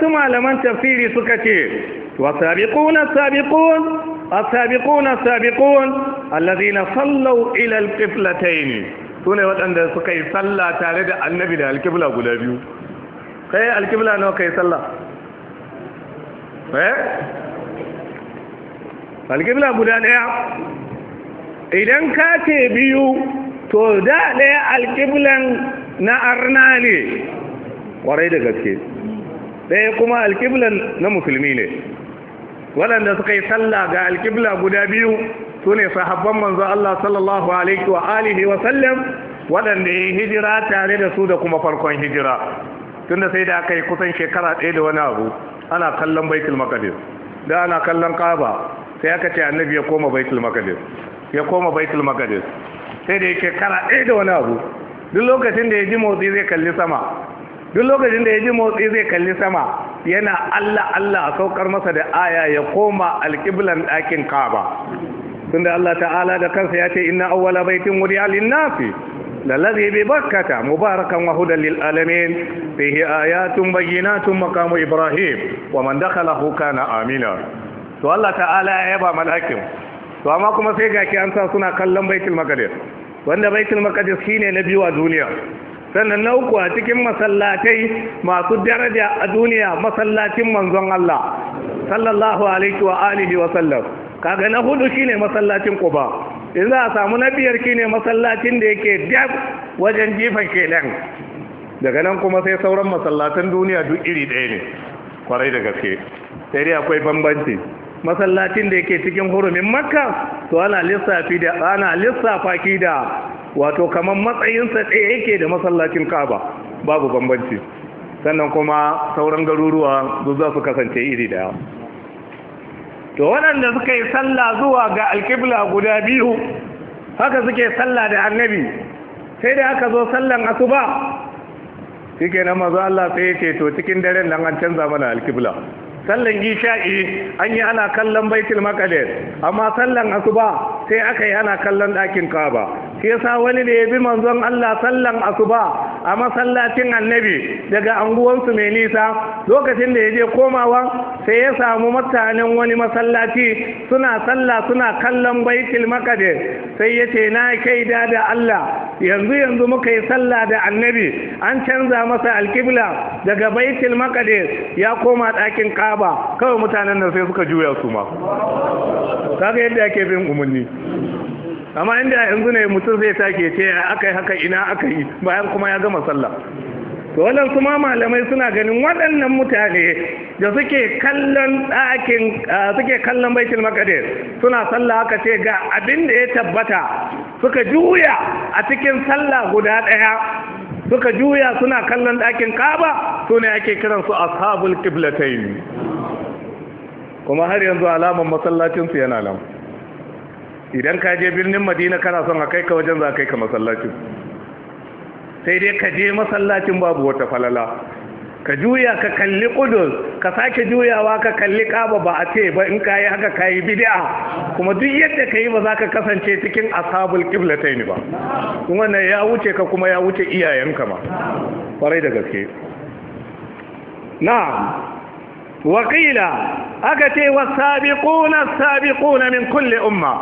su malaman tafsiri suka ce wa sabiquna sabiqun as-sabiquna sabiqun alladhina sallu ila al su ne waɗanda suka yi sallah tare da annabi da alkibla guda biyu kai alkibla nawa kai sallah eh alkibla guda ɗaya idan ka ce biyu to da ɗaya alkiblan na arna ne ƙwarai da gaske ɗaya kuma alkiblan na musulmi ne waɗanda suka yi sallah ga alkibla guda biyu su ne sahabban manzo Allah sallallahu alaihi wa alihi wa sallam waɗanda ya hijira tare da su da kuma farkon hijira tunda sai da aka yi kusan shekara ɗaya da wani abu ana kallon baitul maqdis da ana kallon kaaba sai aka ce annabi ya koma baitul maqdis ya koma baitul maqdis sai da yake kara ɗaya da wani abu duk lokacin da ya ji motsi zai kalli sama duk lokacin da ya ji motsi zai kalli sama yana Allah Allah a saukar masa da aya ya koma alƙiblan ɗakin Kaaba tunda Allah ta'ala da kansa ya ce inna awwala baitin wudi'a lin-nasi lalazi bi bakkata mubarakan wa hudan lil alamin fihi ayatun bayyinatun maqamu ibrahim wa man dakhalahu kana amina to Allah ta'ala ya yaba malakin to amma kuma sai gaki an sa suna kallon baitul maqdis wanda baitul maqdis shine na biyu a duniya sannan na uku a cikin masallatai masu daraja a duniya masallacin manzon Allah sallallahu alaihi wa alihi wa sallam kaga na hudu shine masallacin kuba in za a samu na biyar shine masallacin da yake dab wajen jifan kenan daga nan kuma sai sauran masallatan duniya duk iri ɗaya ne kwarai da gaske sai dai akwai bambanci masallacin da yake cikin hurumin makka to ana lissafi da ana lissafa ki da wato kamar matsayinsa ɗaya yake da masallacin kaba babu bambanci sannan kuma sauran garuruwa duk za su kasance iri ɗaya to waɗanda suka yi sallah zuwa ga Alkibla guda biyu haka suke sallah da annabi sai da aka zo sallan asuba shi ke na mazu Allah sai ya ce to cikin daren nan an canza mana Alkibla. sallan isha'i an yi ana kallon baitul maqdis amma sallan asuba sai aka yi ana kallon ɗakin kaba shi yasa wani da ya bi manzon Allah sallan asuba a masallacin annabi daga su mai nisa lokacin da ya je komawa sai ya samu mutanen wani masallaci suna sallah suna kallon baitul maqdis sai ya ce na kai da da Allah yanzu yanzu muka yi sallah da annabi an canza masa alkibla daga baitul maqdis ya koma ɗakin kaba ba kawai mutanen nan sai suka juya su ma kaga yadda ake bin umarni amma inda yanzu ne mutum zai sake ce aka yi haka ina aka yi bayan kuma ya gama sallah to wannan ma malamai suna ganin waɗannan mutane da suke kallon ɗakin suke kallon baitul maqdis suna sallah aka ce ga abin da ya tabbata suka juya a cikin sallah guda ɗaya suka juya suna kallon ɗakin kaba su ne ake kiransu ashabul qiblatain kuma har yanzu alaman masallacinsu yana nan idan ka je birnin madina kana son a kai ka wajen za kai ka masallacin sai dai ka je masallacin babu wata falala ka juya ka kalli kudus ka sake juyawa ka kalli kaba ba a ce ba in kayi haka ka kayi bid'a kuma duk yadda ka yi ba za ka kasance cikin ashabul qiblatain ba wannan ya wuce ka kuma ya wuce iyayenka ma kwarai da gaske Na wakila aka ce na'am وقيل أكتي والسابقون السابقون من كل أمة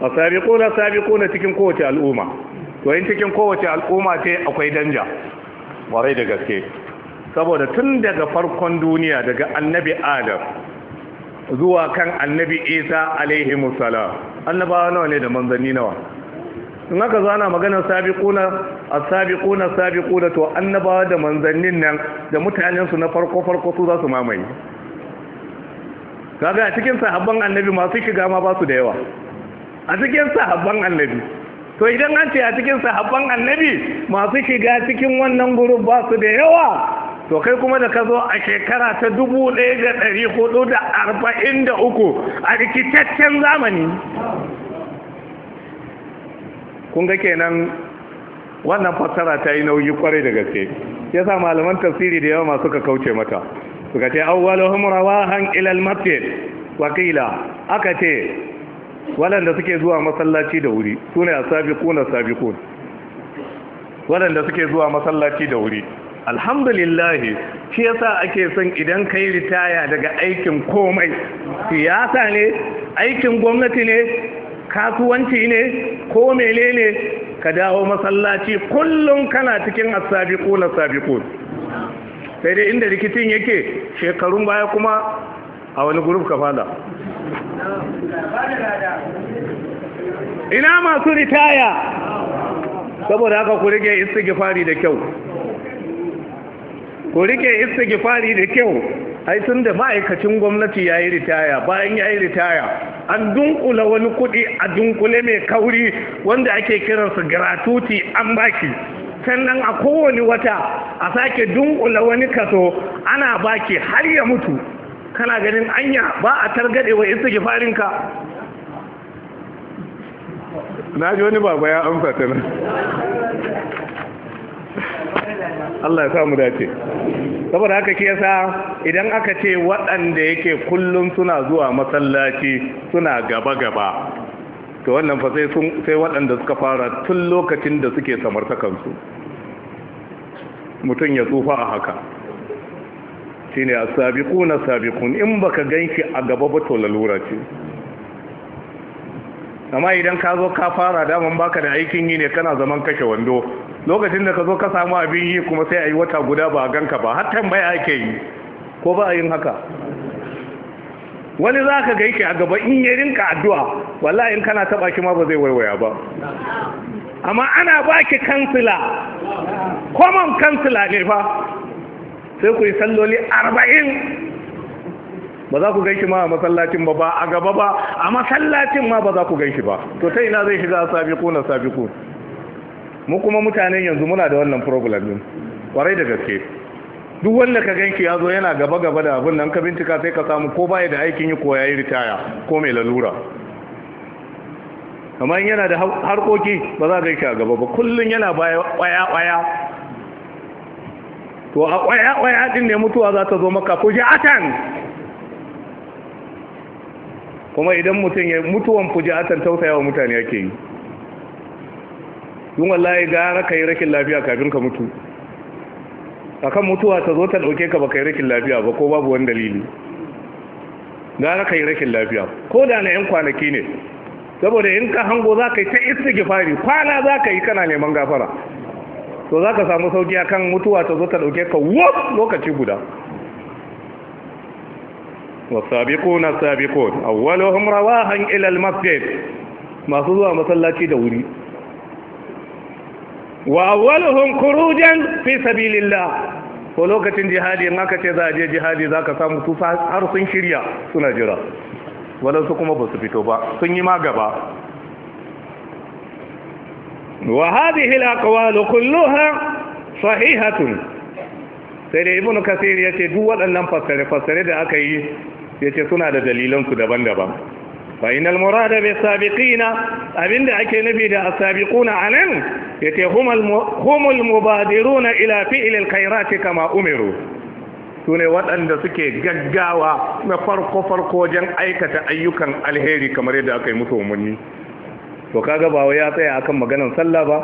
والسابقون السابقون al'umma قوة الأمة وإن تكن al'umma ce akwai danja. warai da gaske saboda tun daga farkon duniya daga annabi adam zuwa kan annabi isa alaihi musala annabawa nawa ne da manzanni nawa in aka zo ana maganar sabiquna a sabiquna sabiquna to annabawa da manzannin nan da mutanensu na farko farko su za su mamaye kaga a cikin sahabban annabi masu shiga ma ba su da yawa a cikin sahabban annabi to idan an ce a cikin sahabban annabi masu shiga cikin wannan gurin ba su da yawa to kai kuma da ka zo a shekara ta dubu ɗaya da ɗari hudu da arba'in da uku a rikitaccen zamani kun ga kenan wannan fassara ta yi nauyi kwarai da gaske ya sa malaman tafsiri da yawa masu ka kauce mata suka ce awwaluhum rawahan ila al-masjid aka ce waɗanda suke zuwa masallaci da wuri su ne a sabiƙuna sabiƙun waɗanda suke zuwa masallaci da wuri alhamdulillahi shi yasa ake son idan ka yi ritaya daga aikin komai siyasa ne aikin gwamnati ne kasuwanci ne ko menene ka dawo masallaci kullum kana cikin asabiqu na sai dai inda rikicin yake shekarun baya kuma a wani guruf ka fada ina masu ritaya saboda haka ku rike istighfari da kyau ku rike istighfari da kyau ai tun da ma'aikacin gwamnati ya yi ritaya bayan ya yi ritaya an dunkula wani kudi a dunkule mai kauri wanda ake kiransa gratuti an baki sannan a kowane wata a sake dunkula wani kaso ana baki har ya mutu kana ganin anya ba a targade wa isa ka na ji wani baba ya amsa ta nan Allah ya samu dace saboda haka ke sa idan aka ce waɗanda yake kullum suna zuwa masallaci suna gaba-gaba to wannan fa sai waɗanda suka fara tun lokacin da suke samartakansu mutum ya tsufa a haka ne a sabiku na sabiqun in baka ganshi a gaba ba to lalura ce amma idan ka zo ka fara daman baka da aikin yi ne kana zaman kashe wando lokacin da ka zo ka samu abin yi kuma sai a yi wata guda ba a ganka ba har bai ake yi ko ba a yin haka wani za ka yake a gaba in yi rinka addu'a wallahi in kana taba shi ma ba zai waiwaya ba amma ana baki kansila common kansila ne fa sai ku yi salloli arba'in ba za ku gan ma a masallacin ba ba a gaba ba a masallacin ma ba za ku gan ba to ta ina zai shiga sabiku na sabiku mu kuma mutanen yanzu muna da wannan problem kwarai da gaske duk wanda ka ganki ya zo yana gaba gaba da abin nan ka bincika sai ka samu ko baya da aikin yi ko ya yi ritaya ko mai lalura kamar yana da harkoki ba za ka yi a gaba ba kullum yana baya kwaya kwaya to a kwaya-kwaya din ne mutuwa za ta zo maka atan? kuma idan mutum ya mutuwan tausaya wa mutane yake yi yin wallahi gara ka yi rakin lafiya kafin ka mutu A kan mutuwa ta zo ta ɗauke ka ba ka yi rakin lafiya ba ko babu wani dalili gara ka yi rakin lafiya ko da na 'yan kwanaki ne saboda in ka hango za ka yi ta gifari kwana za ka yi kana neman gafara to za ka samu sauki kan mutuwa ta zo ta dauke ka wop lokaci guda na والسابقون السابقون أولهم رواحا Masu zuwa masallaci da wuri. Wa وأولهم خروجا في fi الله ko lokacin jihadi in aka ce za a je jihadi za ka samu tufa har sun shirya suna jira wadansu kuma ba su fito ba sun yi ma gaba wa hadhihi al-aqwalu kulluha sahihatun sai da ibnu kasir yace duk waɗannan fassare fassare da aka yi yace suna da dalilansu su daban-daban fa inal murada bis sabiqina abinda ake nufi da as-sabiquna anan yace humal humul mubadiruna ila fi'l al-khairat kama umiru su waɗanda suke gaggawa na farko-farko wajen aikata ayyukan alheri kamar yadda aka yi musu umarni to kaga ba ya tsaya akan maganar sallah ba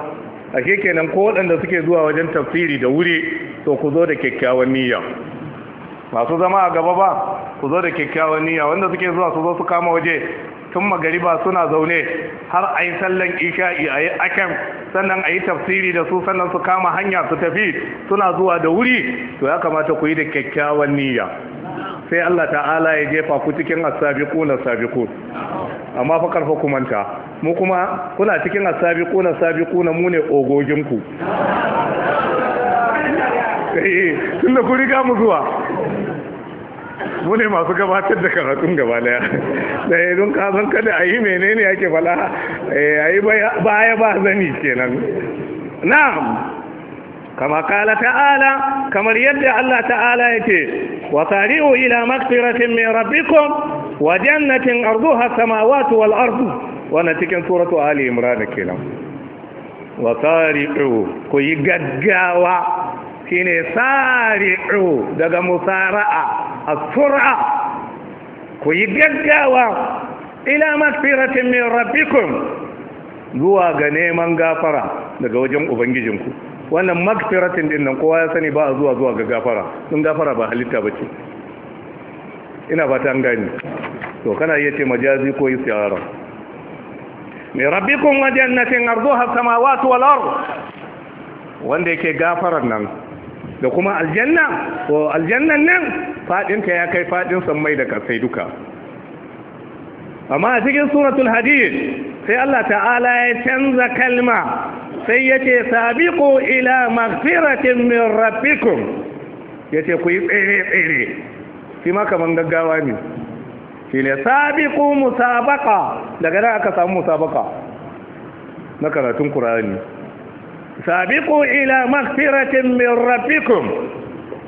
Ake kenan ko waɗanda suke zuwa wajen tafsiri da wuri to ku zo da kyakkyawan niyya masu zama a gaba ba ku zo da kyakkyawan niyya wanda suke zuwa su zo su kama waje tun magariba suna zaune har a yi sallan isha'i a yi akan sannan a yi tafsiri da su sannan su kama hanya su tafi suna zuwa da wuri to ya kamata ku yi da kyakkyawan niyya sai Allah ta'ala ya jefa ku cikin asabiku na sabiku amma fa karfa kumanta mu kuma kuna cikin asabiquna sabiquna mu ne ogogin ku eh da ku riga mu zuwa mu ne masu gabatar da karatun gaba daya da eh, don san kada a yi menene yake fala eh, a yi baya ba zani kenan na'am kama kala ta'ala kamar yadda Allah ta'ala yake wa tari'u ila maghfiratin min rabbikum wa jannatin arduha samawati wal ardu wannan cikin suratu ali imran kenan wa sari'u ku yi gaggawa shine sari'u daga musara'a as-sur'a ku yi gaggawa ila magfiratin min rabbikum zuwa ga neman gafara daga wajen ubangijinku wannan magfiratin din nan kowa ya sani ba zuwa zuwa ga gafara don gafara ba halitta bace ina fata an gani to kana iya ce majazi ko istiara mai rabbi rabbikum wa jannatin har sama wasu walar wanda yake gafarar nan da kuma aljanna ko aljannan nan fadin ya kai fadin sammai da kasai duka amma a cikin suratul hadid sai Allah ta'ala ya canza kalma sai yace sabiqu ila magfiratin min rabbikum yace ku yi tsere tsere shi ma kamar gaggawa ne shi ne sabiqu musabaqa daga nan aka samu musabaqa na karatun qur'ani sabiqu ila maghfiratin min rabbikum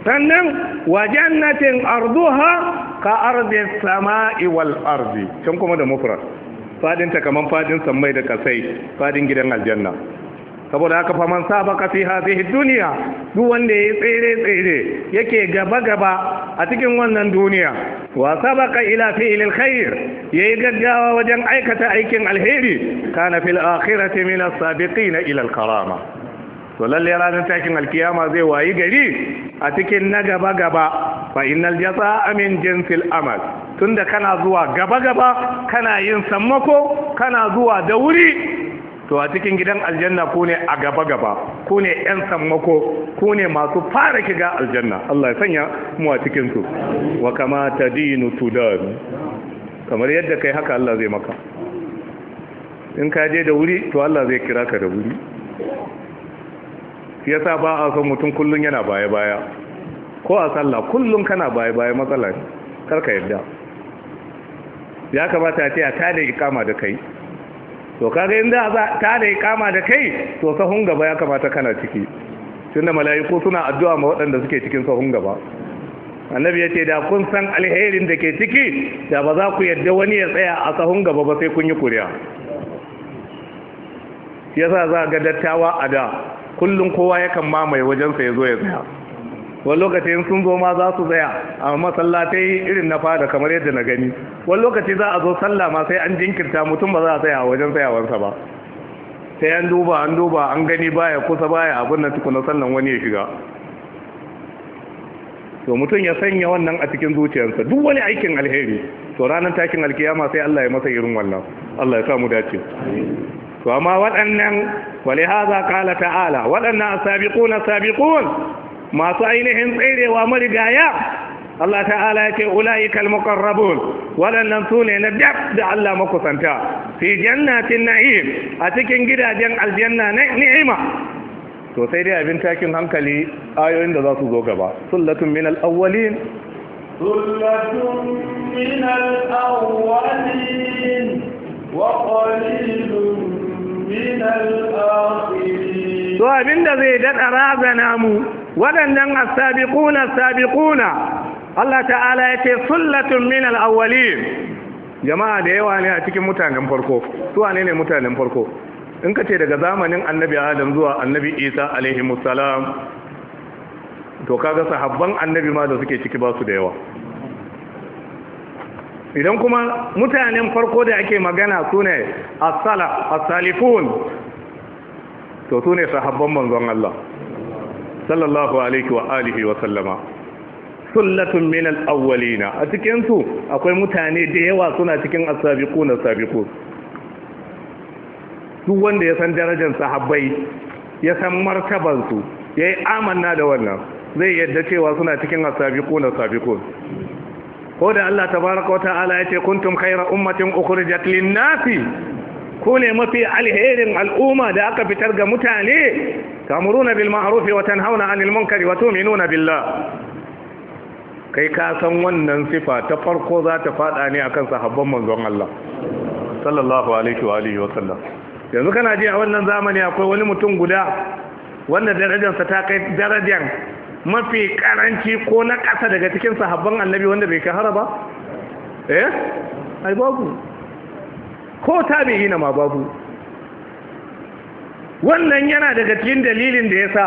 sannan wa jannatin arduha ka ardi samai wal ardi can kuma da mufrad fadin ta kaman fadin sammai da kasai fadin gidan aljanna saboda haka man sabaka fi hadhihi dunya duk wanda yayi tsere tsere yake gaba gaba a cikin wannan duniya wa sabaka ila fi'l alkhair yayi gaggawa wajen aikata aikin alheri kana fil akhirati min as-sabiqin ila al-karama to lalle ranar takin alkiyama zai wayi gari a cikin na gaba gaba fa innal jazaa min jinsil amal tunda kana zuwa gaba gaba kana yin sammako kana zuwa da wuri to a cikin gidan aljanna ku ne a gaba gaba ku ne yan sammako ku ne masu fara kiga aljanna Allah ya sanya mu a cikin su wa kama tadinu tudan kamar yadda kai haka Allah zai maka in ka je da wuri to Allah zai kira ka da wuri yasa ba a son mutum kullun yana baya baya ko a sallah kullun kana baya baya matsala ne karka yadda ya kamata a ce a tare ikama da kai to kaga inda za ta da kama da kai to sahun gaba ya kamata kana ciki tunda mala'iku suna addu'a ma waɗanda suke cikin sahun gaba annabi ya ce da kun san alherin da ke ciki da ba za ku yadda wani ya tsaya a sahun gaba ba sai kun yi kuriya yasa za ga dattawa a da kullum kowa yakan mamaye wajensa ya zo ya tsaya wani lokacin sun zo ma za su tsaya a masallatai irin na fada kamar yadda na gani wani lokaci za a zo sallah ma sai an jinkirta mutum ba za a tsaya wajen tsayawarsa ba sai an duba an duba an gani baya kusa baya abin nan tukuna sannan wani ya shiga to mutum ya sanya wannan a cikin zuciyarsa duk wani aikin alheri to ranar takin alkiyama sai Allah ya masa irin wannan Allah ya sa mu dace to amma waɗannan wali haza qala ta'ala waɗannan asabiquna sabiqun masu ainihin tserewa marigaya Allah ta'ala ya ce ulaika al-muqarrabun waɗannan su ne na daf da Allah makusanta fi jannatin na'im a cikin gidajen aljanna na ni'ima to sai dai abin takin hankali ayoyin da za su zo gaba sullatun min al-awwalin sullatun min al-awwalin wa qalilun min al-akhirin to abinda zai dada razana mu waɗannan asabiquna sabiquna Allah ta'ala ya ce sullatun min al jama'a da yawa ne a cikin mutanen farko su ne ne mutanen farko in ka ce daga zamanin annabi adam zuwa annabi isa alaihi musallam to kaga sahabban annabi ma da suke ciki basu da yawa idan kuma mutanen farko da ake magana su ne as-salaf to su ne sahabban manzon Allah sallallahu alaihi wa alihi wa sallama sullatun min al-awwalina a cikin su akwai mutane da yawa suna cikin as-sabiqun as-sabiqun duk wanda ya san darajar sahabbai ya san martaban su yayi amanna da wannan zai yadda cewa suna cikin as-sabiqun as-sabiqun ko da Allah tabaaraka wa ta'ala yace kuntum khayra ummatin ukhrijat lin-nasi Ko ne mafi alherin al'umma da aka fitar ga mutane tamuruna bil ma'ruf wa tanhauna 'anil munkari wa tu'minuna billah kai ka san wannan sifa ta farko za ta fada ne akan sahabban manzon Allah sallallahu alaihi wa alihi wa sallam yanzu kana ji a wannan zamani akwai wani mutum guda wanda darajarsa ta kai darajar mafi karanci ko na ƙasa daga cikin sahabban annabi wanda bai kai haraba eh ai babu ko tabi'i na ma babu wannan yana daga cikin dalilin da ya sa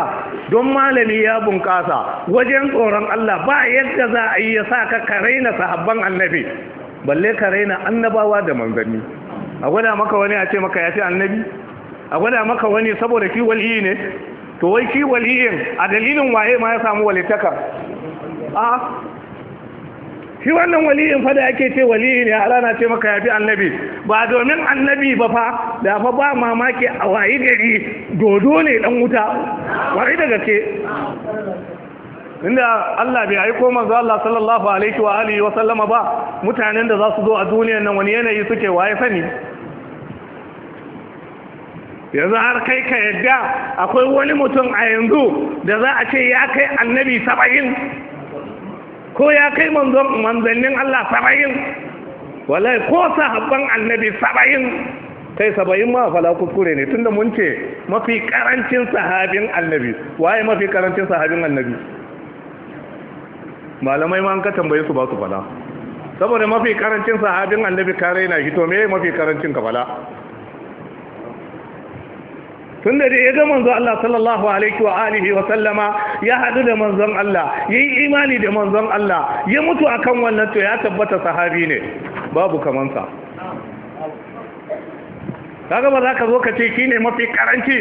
don malami ya bunƙasa wajen tsoron Allah ba yadda za a yi ya sa ka karaina sahabban annabi balle karaina annabawa da manzanni a gwada maka wani a ce maka ya fi annabi a gwada maka wani saboda ki waliyi ne to wai ki waliyin a dalilin waye ma ya samu walitakar a shi wannan waliyin fada yake ce waliyi ne a rana ce maka yafi annabi ba domin annabi ba fa da fa ba mamaki a wayi gari dodo ne dan wuta wai daga ke. inda Allah bai aiko manzo Allah sallallahu alaihi wa alihi wa sallama ba mutanen da za su zo a duniyar nan wani yanayi suke waye sani yanzu har kai ka yadda akwai wani mutum a yanzu da za a ce ya kai annabi saba'in ko ya kai manzannin Allah saba'in wallahi ko sahabban annabi saba'in kai saba'in ma fala kuskure ne tunda mun ce mafi karancin sahabin annabi waye mafi karancin sahabin annabi malamai ma an ka tambaye su ba su fala saboda mafi karancin sahabin annabi kare na hito me mafi karancin ka fala tun da dai ya ga manzon Allah sallallahu alaihi wa alihi wa sallama ya hadu da manzon Allah yayi imani da manzon Allah ya mutu akan wannan to ya tabbata sahabi ne babu kamansa kaga ba za ka zo ka ce shine mafi karanci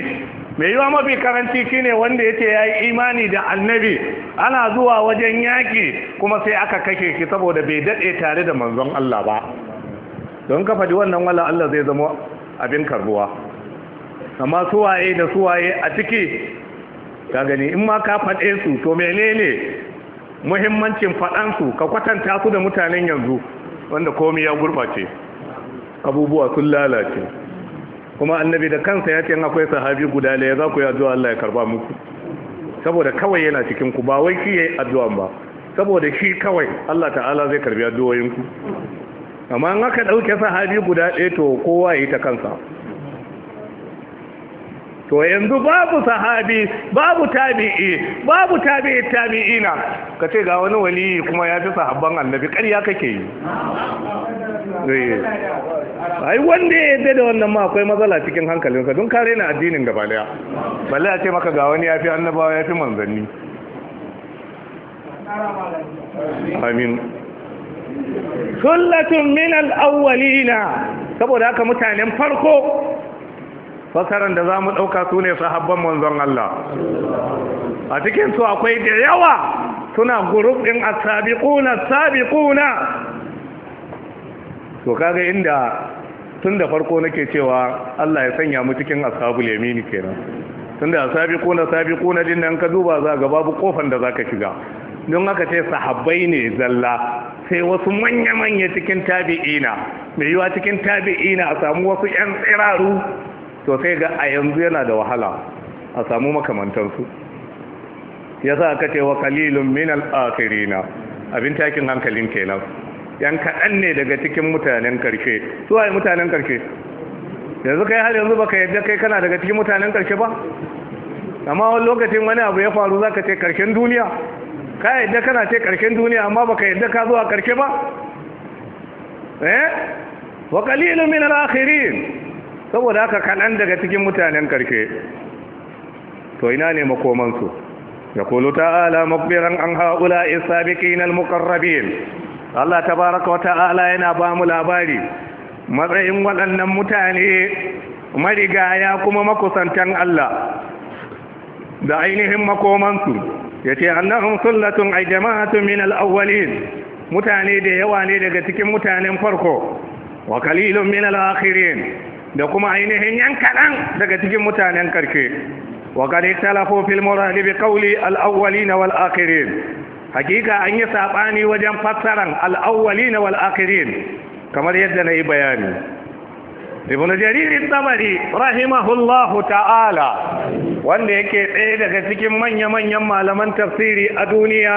mai yiwa mafi karanci shine wanda ya ce ya yi imani da annabi ana zuwa wajen yaki kuma sai aka kashe shi saboda bai daɗe tare da manzon Allah ba don ka faɗi wannan wala Allah zai zama abin karbuwa amma suwaye da suwaye a ciki ka gani in ma ka faɗe su to menene muhimmancin faɗansu ka kwatanta su da mutanen yanzu wanda komai ya gurɓace abubuwa sun lalace kuma annabi da kansa ya ce in akwai sahabi guda da za ku yi addu'a Allah ya karba muku saboda kawai yana cikin ku ba wai shi yayi addu'a ba saboda shi kawai Allah ta'ala zai karbi addu'o'inku amma in aka dauke sahabi guda ɗaya to kowa yi ta kansa to yanzu babu sahabi babu tabi'i babu tabi'i tabi'ina ka ce ga wani wali kuma ya fi sahabban annabi ƙarya kake yi eh. ai wanda ya yadda da wannan ma akwai matsala cikin hankalinsa don kare na addinin da balle a ce maka ga wani ya fi annabawa ya fi manzanni amin sullatun min al'awwalina saboda haka mutanen farko fasaran da za mu ɗauka su ne sahabban manzon Allah a cikinsu akwai da yawa suna guruf ɗin asabiquna sabiquna to kaga inda tun da farko nake cewa Allah ya sanya mu cikin ashabul yamini kenan tun da sabiquna sabiquna din nan ka duba za ga babu kofan da zaka shiga don haka ce sahabbai ne zalla sai wasu manya-manya cikin tabi'ina mai yiwa cikin tabi'ina a samu wasu 'yan tsiraru to sai ga a yanzu yana da wahala a samu makamantansu ya sa aka ce wa kalilun min al'akirina abin takin hankalin kenan yan kaɗan ne daga cikin mutanen karshe su waye mutanen karshe yanzu kai har yanzu baka yadda kai kana daga cikin mutanen karshe ba amma wani lokacin wani abu ya faru zaka ce karshen duniya ka yadda kana ce karshen duniya amma baka yadda ka zuwa karshe ba eh wa kalilun min al saboda haka kaɗan daga cikin mutanen karshe to ina ne makomansu ya kulu ta'ala makbiran an haula isabiqin almuqarrabin Allah tabaraka wa ta'ala yana ba mu labari matsayin waɗannan mutane marigaya kuma makusantan Allah da ainihin makomansu yace annahum sullatun ay jama'atun min alawwalin mutane da yawa ne daga cikin mutanen farko wa qalilun min alakhirin da kuma ainihin yan kaɗan daga cikin mutanen karshe wa qad ikhtalafu fil muradi bi qawli al'awwali na wal'akirin. hakika an yi saɓani wajen fassaran al'awwali na wal'akirin. kamar yadda na yi bayani ibn jarir tabari rahimahullahu ta'ala wanda yake ɗaya daga cikin manya-manyan malaman tafsiri a duniya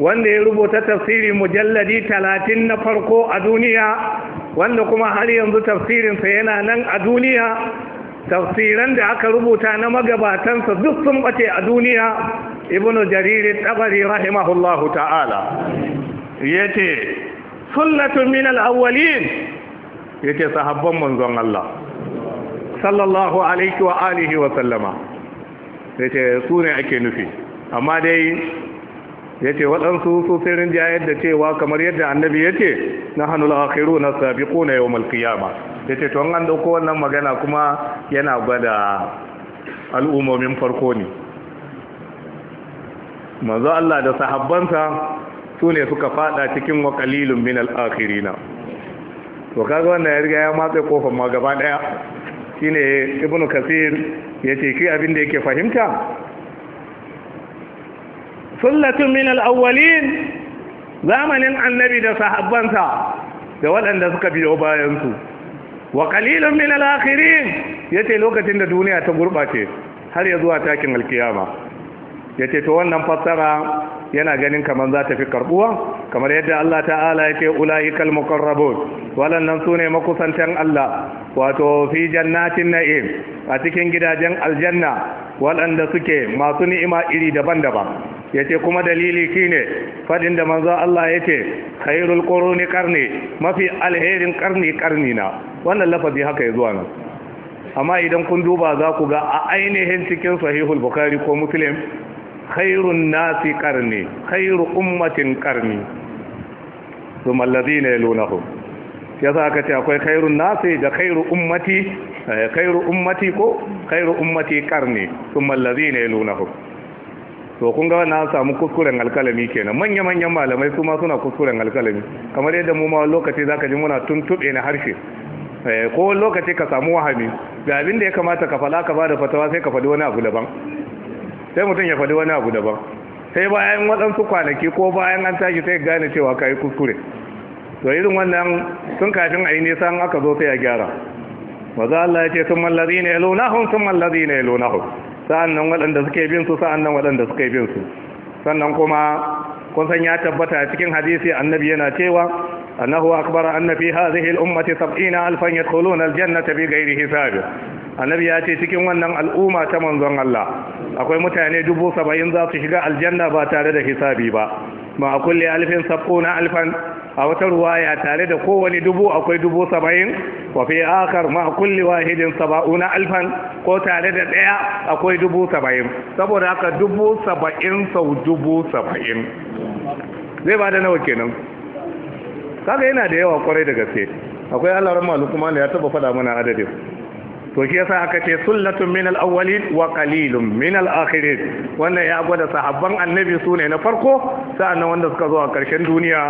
wanda ya rubuta tafsiri mujalladi talatin na farko a duniya wanda kuma har yanzu tafsirinsa yana nan a duniya tafsiran da aka rubuta na magabatansa duk sun bace a duniya ibnu Jaririn, tabari rahimahullahu ta'ala yace sunnatun min al-awwalin yace sahabban manzon Allah sallallahu alaihi alihi wa sallama yace su ne ake nufi amma dai Yace ce waɗansu su sai rinjayar da cewa kamar yadda annabi yace ce na hannu akhiru na sabi na yau malkiyama ya ce tun an dauko wannan magana kuma yana gwada al'ummomin farko ne manzo Allah da sahabbansa su ne suka fada cikin wa kalilun min na to kaga wannan ya riga ya matse kofar ma gaba daya shine ibnu kasir yace ki abin da yake fahimta sunnatun min al-awwalin zamanin annabi da sahabbansa da waɗanda suka biyo bayansu wa qalilun min akhirin yace lokacin da duniya ta gurbace har ya zuwa takin alkiyama yace to wannan fassara yana ganin kamar za ta fi karbuwa kamar yadda Allah ta'ala ya ce ula'ikal muqarrabun walannan sune makusantan Allah wato fi jannatin na'im a cikin gidajen aljanna waɗanda suke masu ni'ima iri daban-daban yace kuma dalili shine fadin da manzo Allah yace khairul quruni qarni mafi alherin qarni qarni na wannan lafazi haka ya zuwa nan amma idan kun duba za ku ga a ainihin cikin sahihul bukhari ko muslim khairun nasi qarni khairu ummatin qarni thumma alladhina yalunahum yasa ka ce akwai khairun nasi da khairu ummati eh, khairu ummati ko khairu ummati qarni thumma alladhina yalunahu to kun ga wannan an samu kuskuren alkalami kenan manya manyan malamai su ma suna kuskuren alkalami kamar yadda mu ma lokaci zaka ji muna tuntube na harshe eh, ko lokaci ka samu wahami ga abin da ya kamata ka fala ka bada fatawa sai ka faɗi wani abu daban sai mutum ya faɗi wani abu daban sai bayan waɗansu kwanaki ko bayan an tashi sai gane cewa ka yi kuskure to irin wannan sun kafin a yi nisa aka zo sai a gyara maza Allah ya ce sun mallazi ne yalo nahun sun mallazi ne yalo nahun sa'annan waɗanda suke bin su sa'annan waɗanda suke bin su sannan kuma kun san ya tabbata cikin hadisi annabi yana cewa annahu akbar anna fi hadhihi al-ummati 70000 yadkhuluna al-jannata bi ghairi hisab annabi ya ce cikin wannan al'umma ta manzon Allah akwai mutane 70000 za su shiga aljanna ba tare da hisabi ba ma a kulle alfin na alfan a wata ruwaya tare da kowane dubu akwai dubu saba'in wa fi akar ma a hidin wahidin saba'una alfan ko tare da ɗaya akwai dubu saba'in saboda haka dubu saba'in sau dubu saba'in zai ba da nawa kenan kaga yana da yawa kwarai da gaske akwai allaran ran malukuma ne ya taba faɗa mana adadin to shi yasa aka ce sullatun min al-awwalin wa qalilun min al-akhirin wannan ya gwada sahabban annabi sune na farko sa'annan wanda suka zo a karshen duniya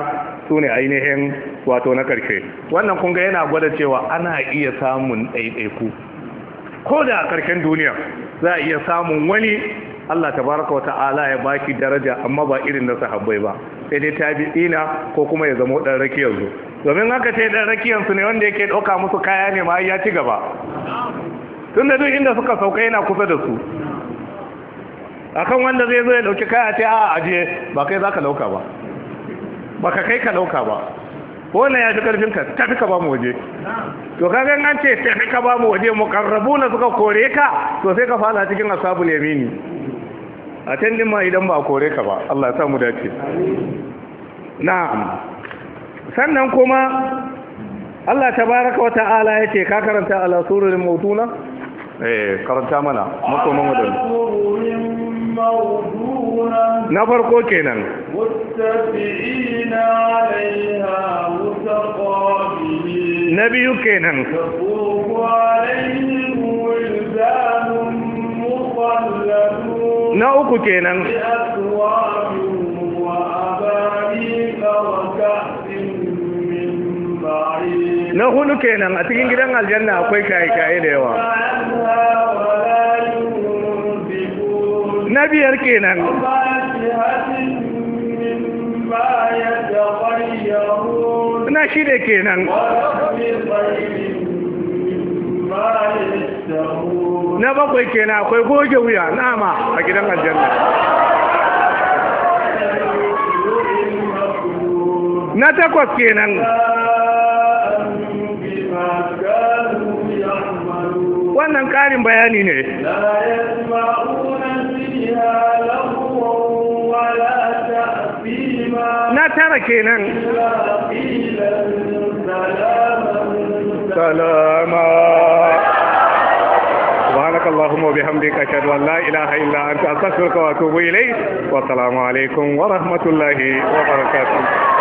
sune ainihin wato na karshe wannan kun ga yana gwada cewa ana iya samun ɗaiɗaiku ko da a karshen duniya za a iya samun wani Allah tabaraka wata'ala ya baki daraja amma ba irin na sahabbai ba sai dai tabi'ina ko kuma ya zama dan rakiyar su domin haka sai dan rakiyar su ne wanda yake dauka musu kaya ne ma ya ci gaba tun da duk inda suka sauka yana kusa da su akan wanda zai zo ya dauki kaya ta a aje ba kai zaka dauka ba baka kai ka dauka ba wannan ya fi karfin ka tafi ka ba mu waje to kaga an ce tafi ka ba mu waje muqarrabuna suka kore ka to sai ka fara cikin ashabul yamini a can ma idan ba a kore ka ba Allah ya samu dace na'am sannan kuma Allah tabaraka wa ta'ala yace ka karanta ala surul mautuna eh karanta mana mun wadannan na farko kenan na biyu kenan na uku kenan na hudu kenan a cikin gidan aljanna akwai kaye-kaye da yawa na biyar kenan na shida kenan na bakwai kenan akwai goge wuya nama a gidan aljanna na takwas kenan wannan ƙarin bayani ne na tara kenan salama subhanakallahumma wa bihamdika ashhadu an la ilaha illa anta astaghfiruka wa atubu ilayk alaikum wa rahmatullahi wa barakatu.